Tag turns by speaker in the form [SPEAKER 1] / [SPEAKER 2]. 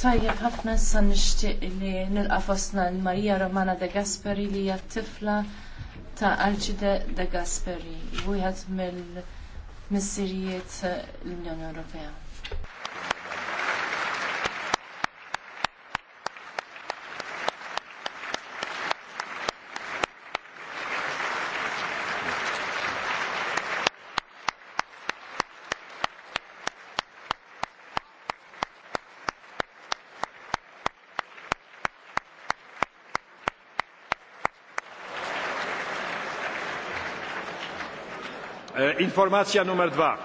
[SPEAKER 1] Tajjeb, ħafna issa nixtieq li nilqa' fostna l-Marija Romana de Gasperi li hija tifla ta' Alcide de Gasperi, wieħed mill-missirijiet l-Unjoni Ewropea.
[SPEAKER 2] E, Informazzja numer 2.